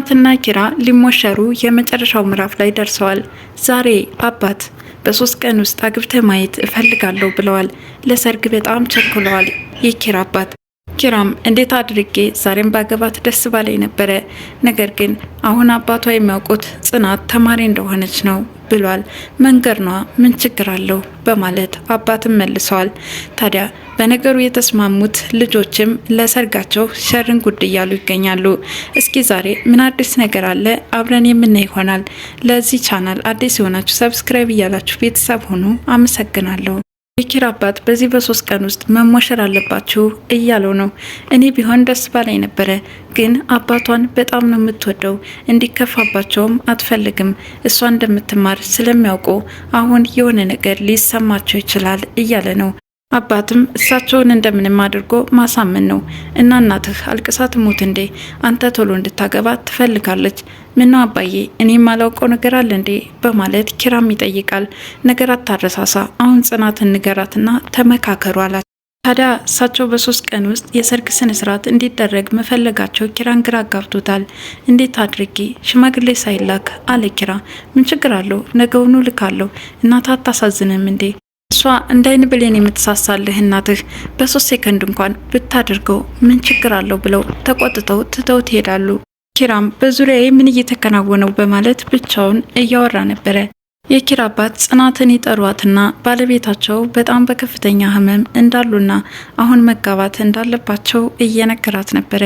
ጽናትና ኪራ ሊሞሸሩ የመጨረሻው ምዕራፍ ላይ ደርሰዋል። ዛሬ አባት በሶስት ቀን ውስጥ አግብተ ማየት እፈልጋለሁ ብለዋል። ለሰርግ በጣም ቸኩለዋል የኪራ አባት ኪራም እንዴት አድርጌ ዛሬም ባገባት ደስ ባላይ ነበረ፣ ነገር ግን አሁን አባቷ የሚያውቁት ጽናት ተማሪ እንደሆነች ነው ብሏል። ነዋ ምን ችግር አለው በማለት አባትም መልሰዋል። ታዲያ በነገሩ የተስማሙት ልጆችም ለሰርጋቸው ሸርን ጉድ እያሉ ይገኛሉ። እስኪ ዛሬ ምን አዲስ ነገር አለ አብረን የምናይ ይሆናል። ለዚህ ቻናል አዲስ የሆናችሁ ሰብስክራይብ እያላችሁ ቤተሰብ ሆኑ። አመሰግናለሁ። የኪራ አባት በዚህ በሶስት ቀን ውስጥ መሞሸር አለባችሁ እያለው ነው። እኔ ቢሆን ደስ ባላይ ነበረ፣ ግን አባቷን በጣም ነው የምትወደው፣ እንዲከፋባቸውም አትፈልግም። እሷ እንደምትማር ስለሚያውቁ አሁን የሆነ ነገር ሊሰማቸው ይችላል እያለ ነው። አባትም እሳቸውን እንደምንም አድርጎ ማሳመን ነው እና እናትህ አልቅሳ ትሙት እንዴ አንተ ቶሎ እንድታገባ ትፈልጋለች። ምነው አባዬ እኔም አላውቀው ነገር አለ እንዴ በማለት ኪራም ይጠይቃል። ነገር አታረሳሳ፣ አሁን ጽናት እንገራትና ተመካከሩ አላት። ታዲያ እሳቸው በሶስት ቀን ውስጥ የሰርግ ስነስርዓት እንዲደረግ መፈለጋቸው ኪራን ግራ አጋብቶታል። እንዴት አድርጌ ሽማግሌ ሳይላክ አለ ኪራ። ምን ችግር አለው? ነገውኑ ልካለሁ። እናት አታሳዝንም እንዴ እሷ እንደ አይን ብሌን የምትሳሳልህ እናትህ በሶስት ሴከንድ እንኳን ብታደርገው ምን ችግር አለው ብለው ተቆጥተው ትተው ትሄዳሉ። ኪራም በዙሪያዬ ምን እየተከናወነው በማለት ብቻውን እያወራ ነበረ። የኪራ አባት ጽናትን ይጠሯትና ባለቤታቸው በጣም በከፍተኛ ህመም እንዳሉና አሁን መጋባት እንዳለባቸው እየነገራት ነበረ።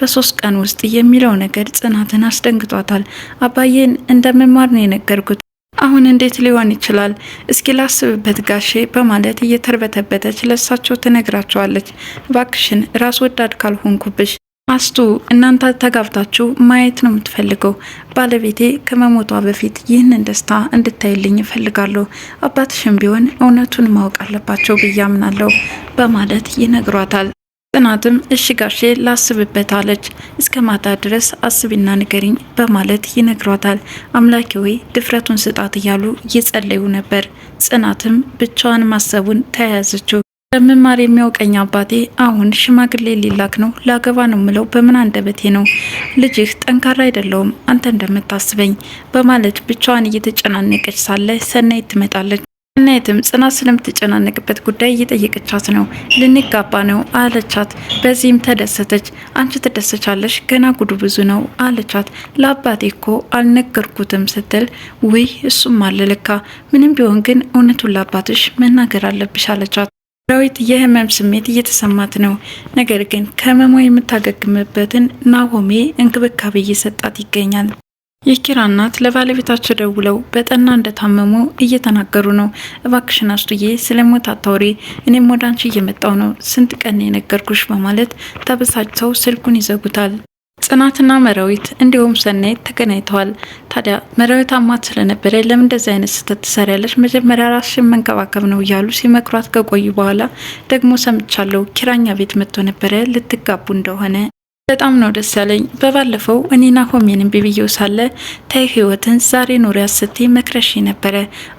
በሶስት ቀን ውስጥ የሚለው ነገር ጽናትን አስደንግጧታል። አባዬን እንደምማር ነው የነገርኩት አሁን እንዴት ሊሆን ይችላል? እስኪ ላስብበት ጋሼ በማለት እየተርበተበተች ለሳቸው ትነግራቸዋለች። ቫክሽን፣ ራስ ወዳድ ካልሆንኩብሽ አስቱ እናንተ ተጋብታችሁ ማየት ነው የምትፈልገው። ባለቤቴ ከመሞቷ በፊት ይህንን ደስታ እንድታይልኝ እፈልጋለሁ። አባትሽም ቢሆን እውነቱን ማወቅ አለባቸው ብዬ አምናለሁ በማለት ይነግሯታል። ጽናትም እሺ ጋሼ ላስብበት አለች። እስከ ማታ ድረስ አስቢና ንገሪኝ በማለት ይነግሯታል። አምላኬ ወይ ድፍረቱን ስጣት እያሉ እየጸለዩ ነበር። ጽናትም ብቻዋን ማሰቡን ተያያዘችው። በመማር የሚያውቀኝ አባቴ አሁን ሽማግሌ ሊላክ ነው ላገባ ነው ምለው በምን አንደበቴ ነው? ልጅህ ጠንካራ አይደለውም አንተ እንደምታስበኝ በማለት ብቻዋን እየተጨናነቀች ሳለ ሰናይት ትመጣለች። እናትም ጽናት ስለምትጨናነቅበት ጉዳይ እየጠየቀቻት ነው። ልንጋባ ነው አለቻት። በዚህም ተደሰተች። አንቺ ትደሰቻለሽ፣ ገና ጉዱ ብዙ ነው አለቻት። ለአባቴ እኮ አልነገርኩትም ስትል፣ ውይ እሱም አለልካ። ምንም ቢሆን ግን እውነቱን ለአባትሽ መናገር አለብሽ አለቻት። ዳዊት የህመም ስሜት እየተሰማት ነው። ነገር ግን ከህመሟ የምታገግምበትን ናሆሜ እንክብካቤ እየሰጣት ይገኛል። የኪራ እናት ለባለቤታቸው ደውለው በጠና እንደታመሙ እየተናገሩ ነው። እባክሽን አስቱዬ ስለሞት አታውሪ፣ እኔም ወደ አንቺ እየመጣው ነው፣ ስንት ቀን የነገርኩሽ በማለት ተበሳጭተው ስልኩን ይዘጉታል። ጽናትና መራዊት እንዲሁም ሰናይት ተገናኝተዋል። ታዲያ መራዊት አማት ስለነበረ ለምን እንደዚህ አይነት ስህተት ትሰሪያለች? መጀመሪያ ራስሽን መንከባከብ ነው እያሉ ሲመክሯት ከቆዩ በኋላ ደግሞ ሰምቻለሁ ኪራኛ ቤት መጥቶ ነበረ ልትጋቡ እንደሆነ በጣም ነው ደስ ያለኝ። በባለፈው እኔና ሆሜን እምቢ ሳለ ታይ ህይወትን ዛሬ ኑሪያት ስትይ መክረሽ ነበረ፣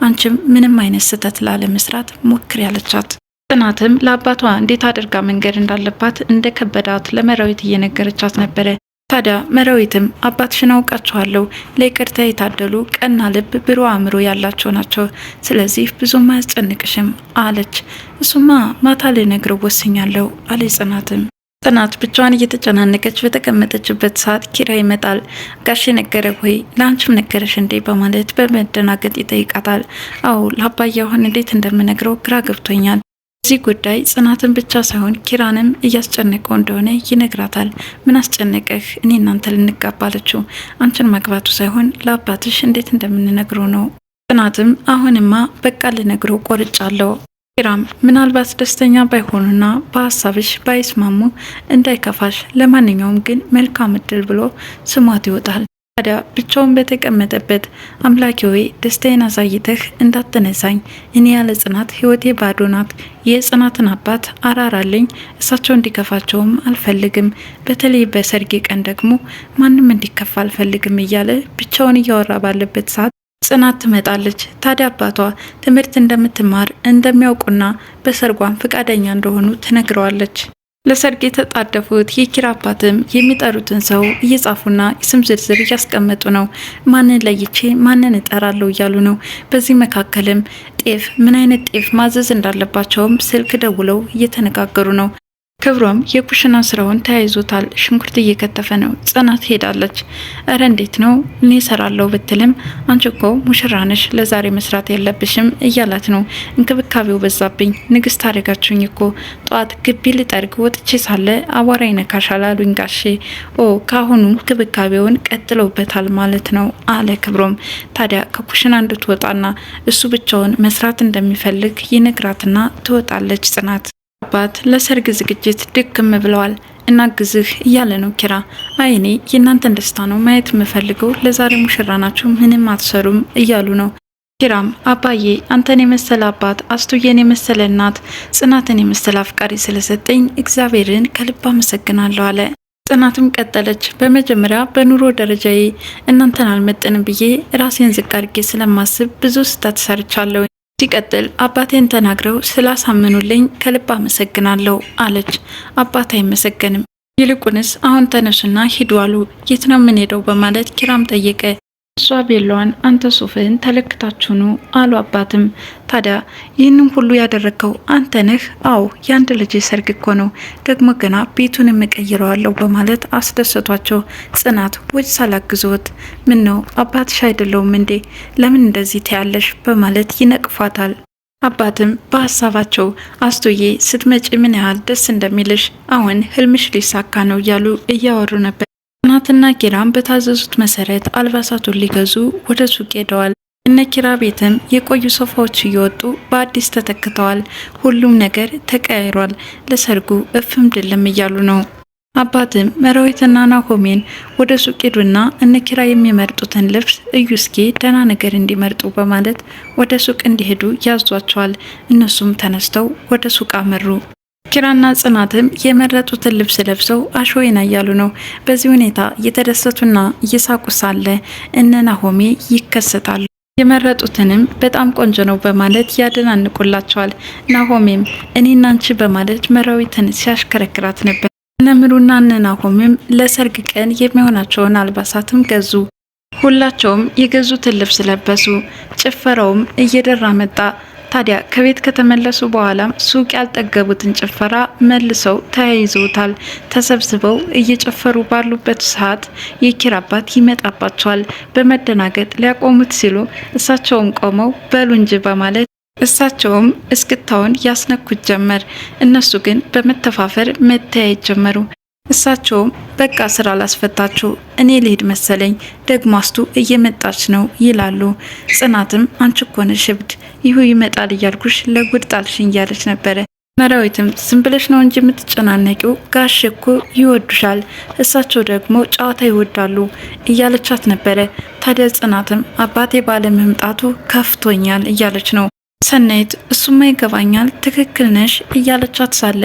አንቺም ምንም አይነት ስህተት ላለመስራት ሞክር ያለቻት። ጽናትም ለአባቷ እንዴት አድርጋ መንገድ እንዳለባት እንደ ከበዳት ለመራዊት እየነገረቻት ነበረ። ታዲያ መራዊትም አባትሽን አውቃችኋለሁ፣ ለይቅርታ የታደሉ ቀና ልብ፣ ብሮ አእምሮ ያላቸው ናቸው፣ ስለዚህ ብዙም አያስጨንቅሽም አለች። እሱማ ማታ ልነግረው ወስኛለሁ አለ ጽናትም ጽናት ብቻዋን እየተጨናነቀች በተቀመጠችበት ሰዓት ኪራ ይመጣል። ጋሽ ነገረ ወይ ለአንቺም ነገረሽ እንዴ? በማለት በመደናገጥ ይጠይቃታል። አዎ ለአባዬ አሁን እንዴት እንደምነግረው ግራ ገብቶኛል። እዚህ ጉዳይ ጽናትን ብቻ ሳይሆን ኪራንም እያስጨነቀው እንደሆነ ይነግራታል። ምን አስጨነቀህ? እኔ እናንተ ልንጋባለችው አንቺን ማግባቱ ሳይሆን ለአባትሽ እንዴት እንደምንነግረው ነው። ጽናትም አሁንማ በቃ ልነግረው ቆርጫለሁ ኪራም ምናልባት ደስተኛ ባይሆኑና በሀሳብሽ ባይስማሙ እንዳይከፋሽ፣ ለማንኛውም ግን መልካም እድል ብሎ ስሟት ይወጣል። ታዲያ ብቻውን በተቀመጠበት አምላኬ ሆይ ደስታዬን አሳይተህ እንዳትነሳኝ፣ እኔ ያለ ጽናት ህይወቴ ባዶ ናት። የጽናትን አባት አራራልኝ፣ እሳቸው እንዲከፋቸውም አልፈልግም። በተለይ በሰርጌ ቀን ደግሞ ማንም እንዲከፋ አልፈልግም እያለ ብቻውን እያወራ ባለበት ሰዓት ጽናት ትመጣለች። ታዲያ አባቷ ትምህርት እንደምትማር እንደሚያውቁና በሰርጓን ፈቃደኛ እንደሆኑ ትነግረዋለች። ለሰርግ የተጣደፉት የኪራ አባትም የሚጠሩትን ሰው እየጻፉና የስም ዝርዝር እያስቀመጡ ነው። ማንን ለይቼ ማንን እጠራለሁ እያሉ ነው። በዚህ መካከልም ጤፍ ምን አይነት ጤፍ ማዘዝ እንዳለባቸውም ስልክ ደውለው እየተነጋገሩ ነው። ክብሮም የኩሽና ስራውን ተያይዞታል። ሽንኩርት እየከተፈ ነው። ጽናት ሄዳለች። እረ እንዴት ነው እኔ ሰራለው ብትልም አንቺ እኮ ሙሽራ ነሽ፣ ለዛሬ መስራት የለብሽም እያላት ነው። እንክብካቤው በዛብኝ ንግስት አደረጋችሁኝ እኮ ጠዋት ግቢ ልጠርግ ወጥቼ ሳለ አቧራ ይነካሻል አሉኝ ጋሼ። ኦ ካሁኑ እንክብካቤውን ቀጥለውበታል ማለት ነው አለ ክብሮም። ታዲያ ከኩሽና እንድትወጣና እሱ ብቻውን መስራት እንደሚፈልግ ይነግራትና ትወጣለች ጽናት አባት ለሰርግ ዝግጅት ድክም ብለዋል። እና ግዝህ እያለ ነው ኪራ። አይኔ የእናንተን ደስታ ነው ማየት የምፈልገው፣ ለዛሬ ሙሽራ ናችሁ፣ ምንም አትሰሩም እያሉ ነው። ኪራም አባዬ አንተን የመሰለ አባት፣ አስቱዬን የመሰለ እናት፣ ጽናትን የመሰለ አፍቃሪ ስለሰጠኝ እግዚአብሔርን ከልብ አመሰግናለሁ አለ። ጽናትም ቀጠለች። በመጀመሪያ በኑሮ ደረጃዬ እናንተን አልመጥንም ብዬ ራሴን ዝቅ አድርጌ ስለማስብ ብዙ ስህተት ሰርቻለሁ። ሲቀጥል አባቴን ተናግረው ስላሳምኑልኝ ከልብ አመሰግናለሁ አለች። አባት አይመሰገንም፣ ይልቁንስ አሁን ተነሱና ሂዱ አሉ። የት ነው የምንሄደው በማለት ኪራም ጠየቀ። እሷ ቤሏን አንተ ሱፍህን ተለክታችሁኑ አሉ አባትም። ታዲያ ይህንን ሁሉ ያደረግከው አንተ ነህ? አዎ የአንድ ልጅ ሰርግ እኮ ነው፣ ደግሞ ገና ቤቱን የምቀይረዋለሁ በማለት አስደሰቷቸው። ጽናት ወጅ ሳላግዞት ምን ነው አባትሽ አይደለውም እንዴ? ለምን እንደዚህ ትያለሽ? በማለት ይነቅፏታል። አባትም በሀሳባቸው አስቶዬ ስትመጪ ምን ያህል ደስ እንደሚልሽ አሁን ህልምሽ ሊሳካ ነው እያሉ እያወሩ ነበር። ጽናትና ኪራም በታዘዙት መሰረት አልባሳቱን ሊገዙ ወደ ሱቅ ሄደዋል። እነ ኪራ ቤትም የቆዩ ሶፋዎች እየወጡ በአዲስ ተተክተዋል። ሁሉም ነገር ተቀያይሯል። ለሰርጉ እፍም ድልም እያሉ ነው። አባትም መራዊትና ናሆሜን ወደ ሱቅ ሄዱና እነ ኪራ የሚመርጡትን ልብስ እዩ እስኪ ደህና ነገር እንዲመርጡ በማለት ወደ ሱቅ እንዲሄዱ ያዟቸዋል። እነሱም ተነስተው ወደ ሱቅ አመሩ። ኪራና ጽናትም የመረጡትን ልብስ ለብሰው አሾይና እያሉ ነው። በዚህ ሁኔታ እየተደሰቱና እየሳቁ ሳለ እነ ናሆሜ ይከሰታሉ። የመረጡትንም በጣም ቆንጆ ነው በማለት ያደናንቁላቸዋል። ናሆሜም እኔና አንቺ በማለት መራዊትን ሲያሽከረክራት ነበር። እነምሩና እነ ለሰርግ ቀን የሚሆናቸውን አልባሳትም ገዙ። ሁላቸውም የገዙትን ልብስ ለበሱ። ጭፈራውም እየደራ መጣ። ታዲያ ከቤት ከተመለሱ በኋላም ሱቅ ያልጠገቡትን ጭፈራ መልሰው ተያይዘውታል። ተሰብስበው እየጨፈሩ ባሉበት ሰዓት የኪራ አባት ይመጣባቸዋል። በመደናገጥ ሊያቆሙት ሲሉ እሳቸውም ቆመው በሉ እንጂ በማለት እሳቸውም እስክታውን ያስነኩት ጀመር። እነሱ ግን በመተፋፈር መተያየት ጀመሩ። እሳቸውም በቃ ስራ ላስፈታችሁ እኔ ልሄድ መሰለኝ፣ ደግሞ አስቱ እየመጣች ነው ይላሉ። ጽናትም አንቺ እኮ ነሽ እብድ፣ ይሁ ይመጣል እያልኩሽ ለጉድ ጣልሽኝ እያለች ነበረ። መራዊትም ዝም ብለሽ ነው እንጂ የምትጨናነቂው፣ ጋሽ እኮ ይወዱሻል፣ እሳቸው ደግሞ ጨዋታ ይወዳሉ እያለቻት ነበረ። ታዲያ ጽናትም አባቴ ባለመምጣቱ ከፍቶኛል እያለች ነው። ሰናይት እሱማ ይገባኛል፣ ትክክል ነሽ እያለቻት ሳለ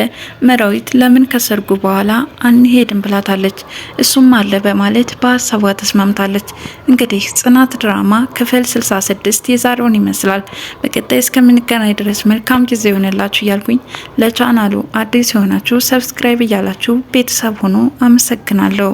መራዊት ለምን ከሰርጉ በኋላ አንሄድም ብላታለች። እሱም አለ በማለት በሀሳቧ ተስማምታለች። እንግዲህ ጽናት ድራማ ክፍል 66 የዛሬውን ይመስላል። በቀጣይ እስከምንገናኝ ድረስ መልካም ጊዜ ይሆንላችሁ እያልኩኝ ለቻናሉ አዲስ የሆናችሁ ሰብስክራይብ እያላችሁ ቤተሰብ ሆኖ አመሰግናለሁ።